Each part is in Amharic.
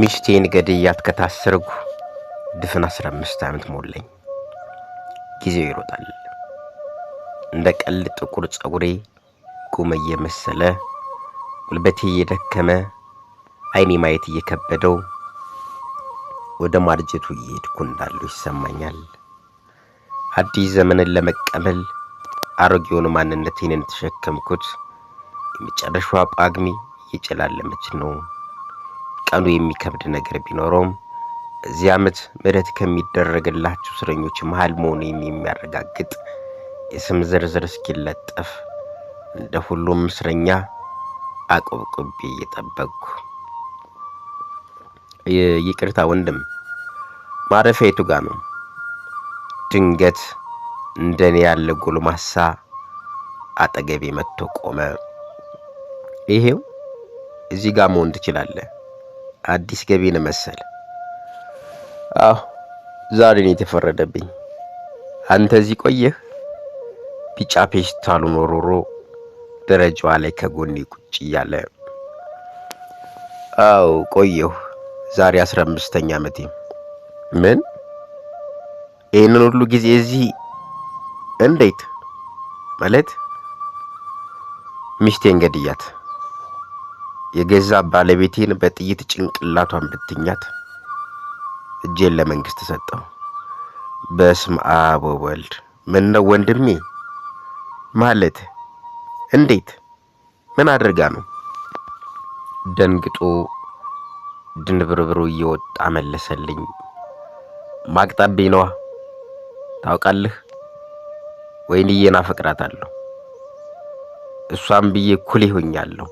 ሚስቴን ገድያት ከታሰርኩ ድፍን አስራ አምስት ዓመት ሞላኝ። ጊዜው ይሮጣል። እንደ ቀልድ ጥቁር ጸጉሬ ቁመ እየመሰለ ጉልበቴ እየደከመ ዓይኔ ማየት እየከበደው ወደ ማርጀቱ እየሄድኩ እንዳለው ይሰማኛል። አዲስ ዘመንን ለመቀበል አሮጌውን ማንነቴንን ተሸከምኩት። የመጨረሻዋ ጳጉሜ እየጨላለመች ነው። ቃሉ የሚከብድ ነገር ቢኖረውም እዚህ ዓመት ምሕረት ከሚደረግላቸው እስረኞች መሃል መሆኑን የሚያረጋግጥ የስም ዝርዝር እስኪለጠፍ እንደ ሁሉም እስረኛ አቆብቆቤ እየጠበቅኩ ይቅርታ ወንድም፣ ማረፊያ የቱ ጋ ነው? ድንገት እንደኔ ያለ ጎልማሳ አጠገቤ መጥቶ ቆመ። ይሄው እዚህ ጋር መሆን ትችላለህ አዲስ ገቢን መሰል። አዎ ዛሬ ነው የተፈረደብኝ። አንተ እዚህ ቆየህ። ቢጫ ፔስታሉ ኖሮሮ ደረጃዋ ላይ ከጎኔ ቁጭ እያለ አዎ ቆየሁ። ዛሬ አስራ አምስተኛ ዓመቴ። ምን ይህንን ሁሉ ጊዜ እዚህ እንዴት ማለት? ሚስቴን እንገድያት የገዛ ባለቤቴን በጥይት ጭንቅላቷን ብትኛት እጄን ለመንግስት ሰጠው። በስመ አብ ወወልድ። ምን ነው ወንድሜ? ማለት እንዴት? ምን አድርጋ ነው? ደንግጦ ድንብርብሩ እየወጣ መለሰልኝ። ማቅጣቤ ነዋ። ታውቃለህ፣ ወይንዬን አፈቅራታለሁ። እሷም ብዬ ኩል ይሆኛለሁ።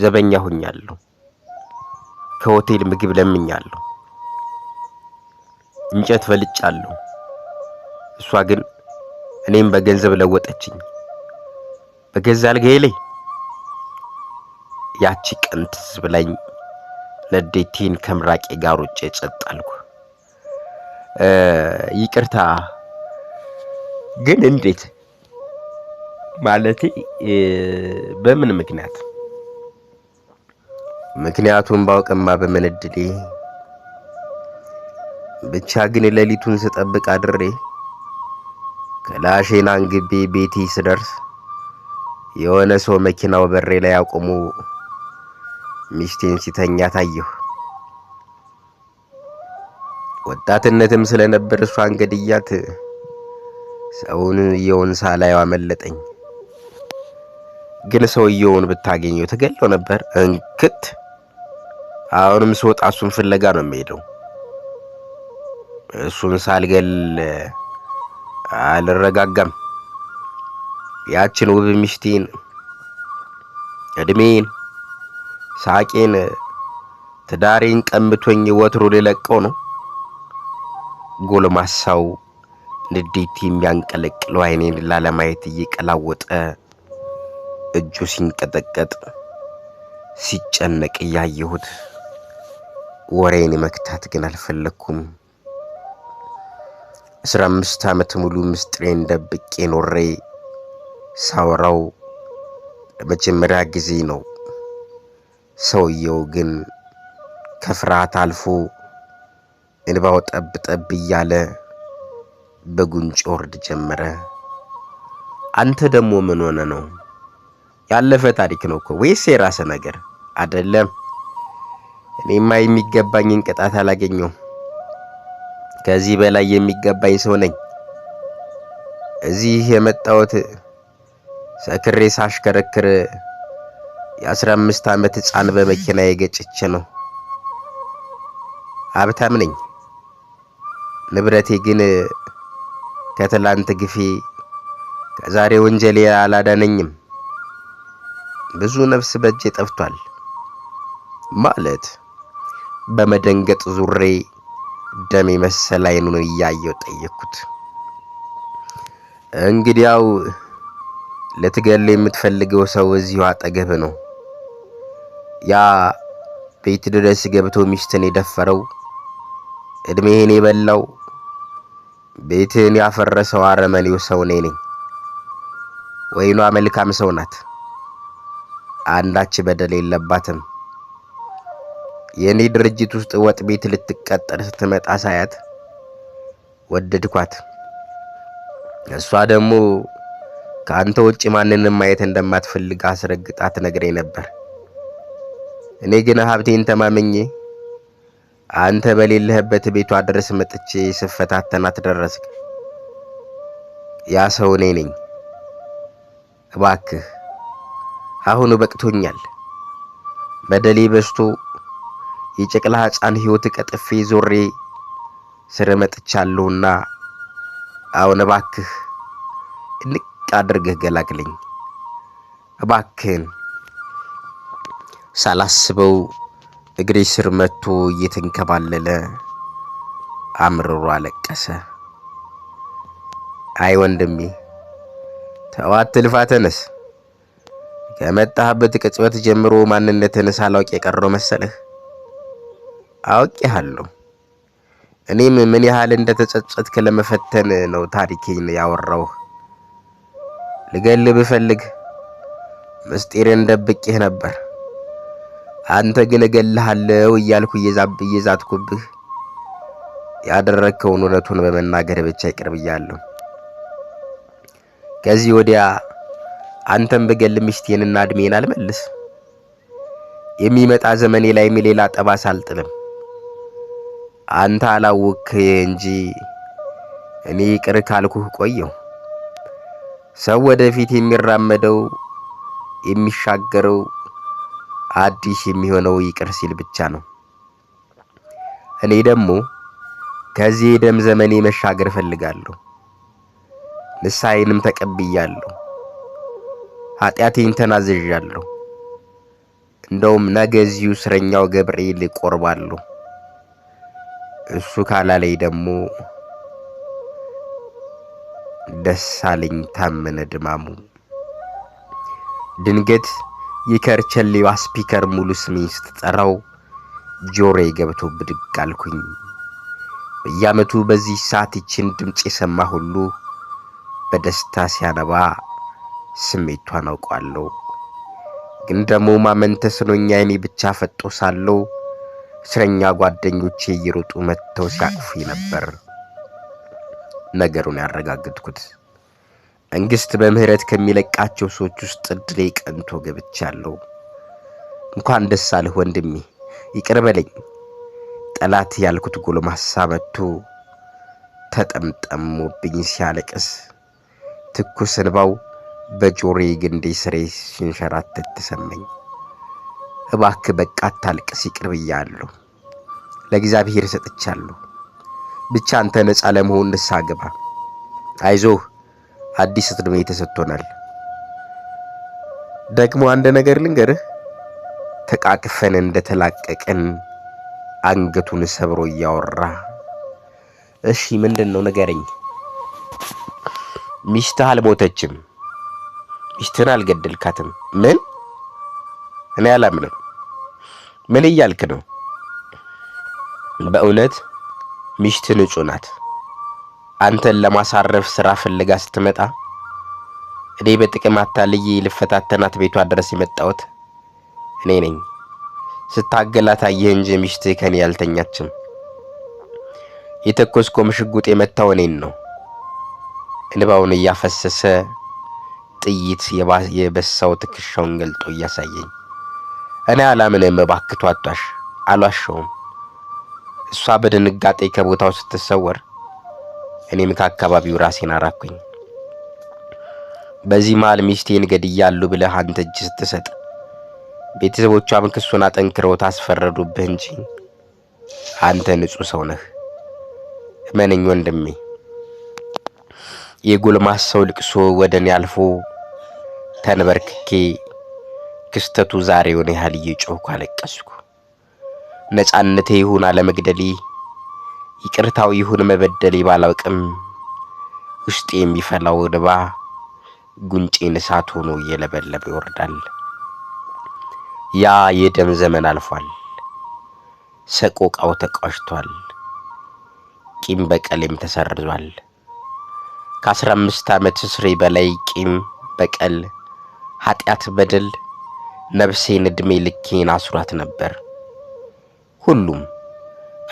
ዘበኛ ሁኛለሁ። ከሆቴል ምግብ ለምኛለሁ። እንጨት ፈልጫለሁ። እሷ ግን እኔም በገንዘብ ለወጠችኝ። በገዛ አልጋዬ ላይ ያቺ ቀን ትዝ ብላኝ ከምራቄ ጋር ውጭ ጸጥ አልኩ። ይቅርታ ግን እንዴት ማለቴ በምን ምክንያት ምክንያቱም ባውቅማ በመነድዴ ብቻ ግን ሌሊቱን ስጠብቅ አድሬ ከላሽን አንግቤ ቤቴ ስደርስ የሆነ ሰው መኪናው በሬ ላይ አቁሞ ሚስቴን ሲተኛ ታየሁ። ወጣትነትም ስለነበር እሷ እንገድያት ሰውን የውን ሳላየው አመለጠኝ። ግን ሰውየውን ብታገኘው ትገለው ነበር እንክት አሁንም ስወጣ እሱን ፍለጋ ነው የሚሄደው። እሱን ሳልገል አልረጋጋም። ያችን ውብ ሚስቴን፣ እድሜን፣ ሳቄን፣ ትዳሬን ቀምቶኝ ወትሮ ልለቀው ነው። ጎልማሳው ንዴት የሚያንቀለቅለው አይኔን ላለማየት እየቀላወጠ እጁ ሲንቀጠቀጥ ሲጨነቅ እያየሁት ወሬን መክታት ግን አልፈለግኩም። አስራ አምስት ዓመት ሙሉ ምስጢሬን ደብቄ ኖሬ ሳወራው ለመጀመሪያ ጊዜ ነው። ሰውየው ግን ከፍርሃት አልፎ እንባው ጠብ ጠብ እያለ በጉንጭ ወርድ ጀመረ። አንተ ደግሞ ምን ሆነ ነው? ያለፈ ታሪክ ነው እኮ ወይስ የራሰ ነገር አይደለም? እኔማ የሚገባኝን ቅጣት አላገኘሁም። ከዚህ በላይ የሚገባኝ ሰው ነኝ። እዚህ የመጣሁት ሰክሬ ሳሽከረክር የአስራ አምስት ዓመት ህፃን በመኪና የገጭች ነው። ሀብታም ነኝ። ንብረቴ ግን ከትላንት ግፌ ከዛሬ ወንጀሌ አላዳነኝም። ብዙ ነፍስ በእጄ ጠፍቷል ማለት በመደንገጥ ዙሬ ደም የመሰለ አይኑን እያየው ጠየቅኩት። እንግዲያው ልትገል የምትፈልገው ሰው እዚሁ አጠገብ ነው። ያ ቤት ድረስ ገብቶ ሚስትን የደፈረው እድሜህን የበላው ቤትህን ያፈረሰው አረመኔው ሰው እኔ ነኝ። ወይኗ መልካም ሰው ናት፣ አንዳች በደል የለባትም። የእኔ ድርጅት ውስጥ ወጥ ቤት ልትቀጠር ስትመጣ ሳያት ወደድኳት። እሷ ደግሞ ከአንተ ውጭ ማንንም ማየት እንደማትፈልግ አስረግጣ ትነግረኝ ነበር። እኔ ግን ሀብቴን ተማመኜ አንተ በሌለህበት ቤቷ ድረስ መጥቼ ስፈታተናት ደረስክ። ያ ሰው እኔ ነኝ። እባክህ አሁን በቅቶኛል። በደሌ በዝቶ የጨቅላ ሕፃን ህይወት ቀጥፌ ዞሬ ስር መጥቻለሁና፣ አሁን እባክህ እንቅ አድርገህ ገላግለኝ እባክህን። ሳላስበው እግሬ ስር መጥቶ እየተንከባለለ አምርሮ አለቀሰ። አይ ወንድሜ ተዋት፣ ትልፋተንስ ከመጣህበት ቅጽበት ጀምሮ ማንነትን ሳላውቅ የቀረው መሰለህ። አውቄሃለሁ። እኔም ምን ያህል እንደተጸጸትክ ለመፈተን ነው ታሪኬን ያወራውህ። ልገልህ ብፈልግ ምስጢርን ደብቄህ ነበር። አንተ ግን እገልሃለሁ እያልኩ እየዛብ እየዛትኩብህ ያደረግከውን እውነቱን በመናገር ብቻ ይቅርብያለሁ። ከዚህ ወዲያ አንተን ብገል ምሽቴንና እድሜን አልመልስ። የሚመጣ ዘመኔ ላይም ሌላ ጠባሳ አልጥልም። አንተ አላውክ እንጂ እኔ ይቅር ካልኩህ ቆየሁ። ሰው ወደፊት የሚራመደው የሚሻገረው አዲስ የሚሆነው ይቅር ሲል ብቻ ነው። እኔ ደግሞ ከዚህ የደም ዘመኔ መሻገር እፈልጋለሁ። ንስሐዬንም ተቀብያለሁ። ኃጢአቴን ተናዝዣለሁ። እንደውም ነገ እዚሁ እስረኛው ገብርኤል እቆርባለሁ። እሱ ካላለኝ ደግሞ ደሳለኝ ታመነ ድማሙ ድንገት የከርቸሌዋ ስፒከር ሙሉ ስሜን ስትጠራው ጆሬ ገብቶ ብድግ አልኩኝ። በየዓመቱ በዚህ ሰዓት ይችን ድምፅ የሰማ ሁሉ በደስታ ሲያነባ ስሜቷን አውቋለሁ። ግን ደግሞ ማመን ተስኖኛ እኔ ብቻ ፈጦ ሳለው እስረኛ ጓደኞቼ እየሮጡ መጥተው ሲያቅፉ ነበር ነገሩን ያረጋግጥኩት። መንግስት በምህረት ከሚለቃቸው ሰዎች ውስጥ እድሌ ቀንቶ ገብቻለሁ። እንኳን ደስ አለህ ወንድሜ፣ ይቅር በለኝ ጠላት ያልኩት ጎልማሳ መጥቶ ተጠምጠሞብኝ ሲያለቅስ ትኩስ እንባው በጆሮዬ ግንዴ ስሬ ሲንሸራተት ተሰማኝ። እባክ በቃ አታልቅስ፣ ይቅር ብያለሁ፣ ለእግዚአብሔር ሰጥቻለሁ። ብቻ አንተ ነፃ ለመሆን ንስሐ ግባ፣ አይዞህ፣ አዲስ እድሜ ተሰጥቶናል። ደግሞ አንድ ነገር ልንገርህ፣ ተቃቅፈን እንደተላቀቅን አንገቱን ሰብሮ እያወራ እሺ፣ ምንድን ነው ንገረኝ። ሚስትህ አልሞተችም። ሚስትህን አልገደልካትም። ምን? እኔ አላምንም። ምን እያልክ ነው? በእውነት ሚሽት ንጹህ ናት። አንተን ለማሳረፍ ስራ ፍለጋ ስትመጣ እኔ በጥቅም አታልዬ ልፈታተናት ቤቷ ድረስ የመጣሁት እኔ ነኝ። ስታገላት አየህ እንጂ ሚሽት ከኔ ያልተኛችም። የተኮስኮም ሽጉጥ የመታው እኔን ነው። እንባውን እያፈሰሰ ጥይት የበሳው ትከሻውን ገልጦ እያሳየኝ እኔ አላምንም፣ እባክቱ አጣሽ አሏሸውም። እሷ በድንጋጤ ከቦታው ስትሰወር እኔም ከአካባቢው ራሴን አራኩኝ። በዚህ መሃል ሚስቴን ገድያለሁ ብለህ አንተ እጅ ስትሰጥ ቤተሰቦቿም ክሱን አጠንክረው ታስፈረዱብህ እንጂ አንተ ንጹህ ሰው ነህ። እመነኝ ወንድሜ። የጎልማሳው ልቅሶ ወደ እኔ አልፎ ተንበርክኬ ክስተቱ ዛሬውን ያህል እየጮኩ አለቀስኩ። ነጻነቴ ይሁን አለመግደሌ፣ ይቅርታው ይሁን መበደሌ ባላውቅም ውስጤ የሚፈላው እንባ ጉንጬን እሳት ሆኖ እየለበለበ ይወርዳል። ያ የደም ዘመን አልፏል። ሰቆቃው ተቋጭቷል። ቂም በቀሌም ተሰርዟል። ከአስራ አምስት ዓመት እስሬ በላይ ቂም በቀል፣ ኃጢአት፣ በደል ነፍሴን ዕድሜ ልኬን አስሯት ነበር። ሁሉም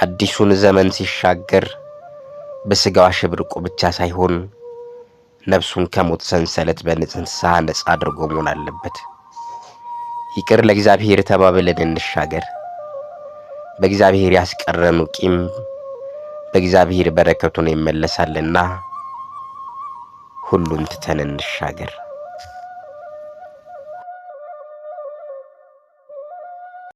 አዲሱን ዘመን ሲሻገር በስጋዋ አሸብርቆ ብቻ ሳይሆን ነፍሱን ከሞት ሰንሰለት በንጽንሳ ነጻ አድርጎ መሆን አለበት። ይቅር ለእግዚአብሔር ተባብለን እንሻገር። በእግዚአብሔር ያስቀረኑ ቂም በእግዚአብሔር በረከቱን ይመለሳልና ሁሉን ትተን እንሻገር።